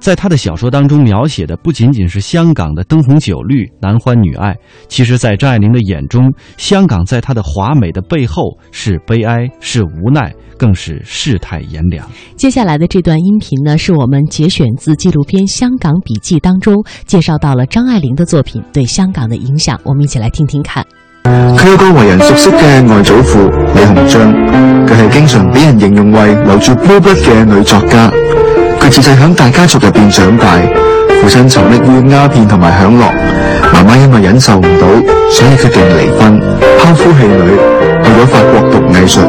在他的小說當中描寫的不僅僅是香港的燈紅酒綠、男歡女愛，其實，在張愛玲的眼中，香港在他的華美的背後是悲哀、是無奈，更是世態炎涼。接下來的這段音頻呢，是我們節選自紀錄片《香港筆記》當中介紹到了張愛玲的作品對香港的影響，我們一起來聽聽看。佢有個為人熟悉嘅外祖父李鴻章，佢係經常俾人形容為留住波波嘅女作家。自細響大家族入邊長大，父親沉溺於鴉片同埋享樂，媽媽因為忍受唔到，所以決定離婚，拋夫棄女，去咗法國讀藝術。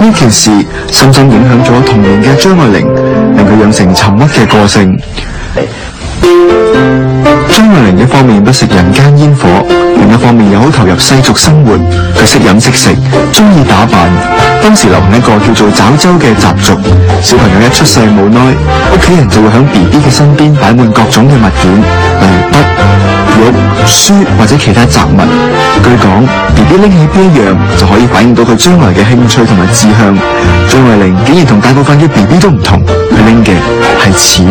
呢件事深深影響咗童年嘅張愛玲，令佢養成沉默嘅個性。張愛玲一方面不食人間煙火，另一方面又好投入世俗生活，佢識飲識食，中意打扮。當時流行一個叫做抓周嘅習俗，小朋友一出世冇耐，屋企人就會響 B B 嘅身邊擺滿各種嘅物件，例如筆、玉、書，書或者其他雜物。據講，B B 拎起邊一樣就可以反映到佢將來嘅興趣同埋志向。張愛玲竟然同大部分嘅 B B 都唔同，佢拎嘅係錢，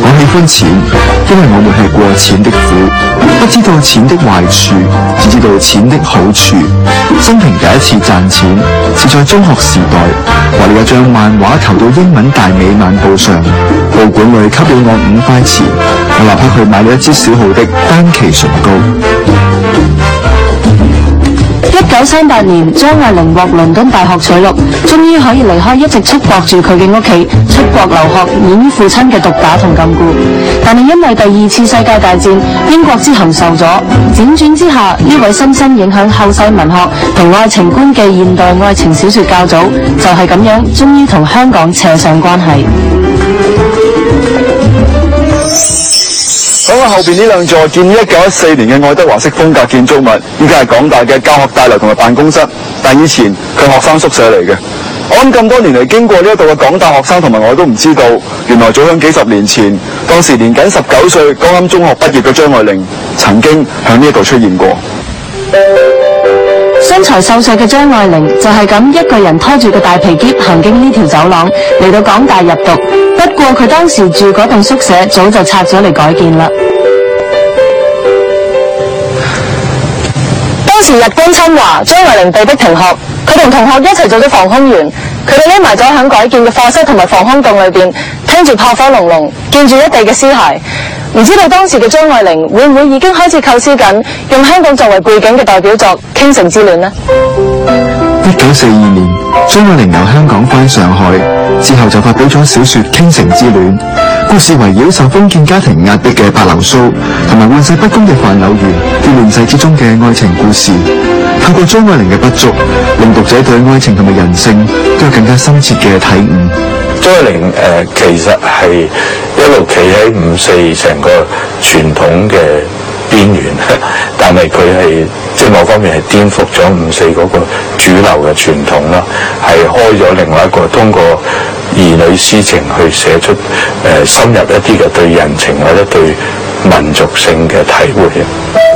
我喜歡錢。因為我們係過錢的苦，不知道錢的壞處，只知道錢的好處。生平第一次賺錢，是在中學時代，為一張漫畫投到英文大美晚報上，報館裏給了我五塊錢，我立刻去買了一支小號的丹奇唇膏。一九三八年，張愛玲獲倫敦大學取錄，終於可以離開一直出國住佢嘅屋企，出國留學免於父親嘅毒打同禁錮。但係因為第二次世界大戰，英國之行受阻，輾轉之下，呢位深深影響後世文學同愛情觀嘅現代愛情小說教祖，就係咁樣，終於同香港扯上關係。講、啊、下後邊呢兩座建於一九一四年嘅愛德華式風格建築物，依家係港大嘅教學大樓同埋辦公室，但以前佢學生宿舍嚟嘅。我諗咁多年嚟，經過呢一度嘅港大學生同埋我，都唔知道，原來早響幾十年前，當時年僅十九歲、剛啱中學畢業嘅張愛玲，曾經響呢一度出現過。身材瘦細嘅張愛玲就係咁一個人拖住個大皮篋行經呢條走廊嚟到港大入讀。不過佢當時住嗰棟宿舍早就拆咗嚟改建啦。當時日軍侵華，張愛玲被迫停學，佢同同學一齊做咗防空員，佢哋匿埋咗響改建嘅課室同埋防空洞裏邊。跟住炮火隆隆，見住一地嘅屍骸，唔知道當時嘅張愛玲會唔會已經開始構思緊用香港作為背景嘅代表作《傾城之戀》呢？一九四二年，張愛玲由香港返上海之後，就發表咗小說《傾城之戀》，故事圍繞受封建家庭壓迫嘅白流蘇同埋亂世不公嘅范柳原，喺亂世之中嘅愛情故事，透過張愛玲嘅筆觸，令讀者對愛情同埋人性都有更加深切嘅體悟。張愛玲其實係一路企喺五四成個傳統嘅邊緣，但係佢係即係某方面係顛覆咗五四嗰個主流嘅傳統啦，係開咗另外一個通過兒女私情去寫出誒、呃、深入一啲嘅對人情或者對民族性嘅體會嘅。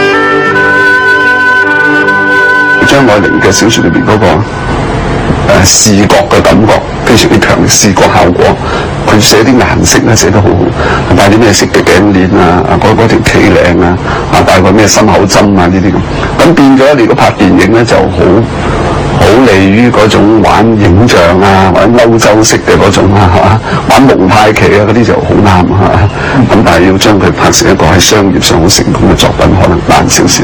張愛玲嘅小說裏邊嗰、那個誒、呃、視覺嘅感覺非常之強，視覺效果佢寫啲顏色咧寫得好好，戴啲咩色嘅頸鏈啊，啊嗰嗰條旗領啊，啊戴個咩心口針啊呢啲咁，咁變咗你如果拍電影咧就好好利於嗰種玩影像啊或者歐洲式嘅嗰種啊，係嘛玩蒙太奇啊嗰啲就好啱，係、啊、咁但係要將佢拍成一個喺商業上好成功嘅作品，可能難少少。